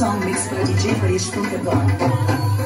song mixed by DJ Paresh from the Gurgaon.